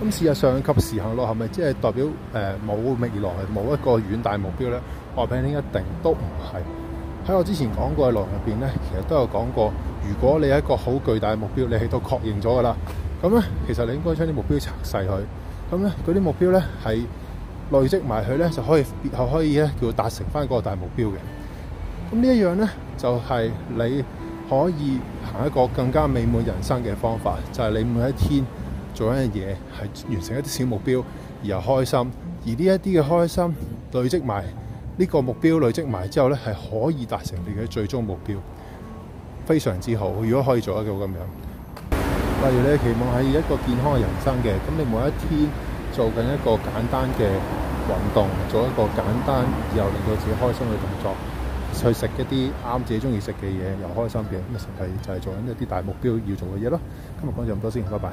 咁事實上，及時行樂係咪即係代表誒冇未來、冇一個遠大目標咧？話俾你聽一定都唔係。喺我之前講過嘅內容入邊咧，其實都有講過，如果你係一個好巨大嘅目標，你係到確認咗噶啦，咁咧其實你應該將啲目標拆細佢，咁咧嗰啲目標咧係累積埋佢咧，就可以然後可以咧叫達成翻嗰個大目標嘅。咁呢一樣咧，就係、是、你可以行一個更加美滿人生嘅方法，就係、是、你每一天，做緊嘅嘢係完成一啲小目標，而又開心，而呢一啲嘅開心累積埋呢個目標累積埋之後咧，係可以達成你嘅最終目標，非常之好。如果可以做得到咁樣，例如你期望係一個健康嘅人生嘅，咁你每一天做緊一個簡單嘅運動，做一個簡單又令到自己開心嘅動作，去食一啲啱自己中意食嘅嘢，又開心嘅咁啊，實際就係做緊一啲大目標要做嘅嘢咯。今日講咗咁多先，拜拜。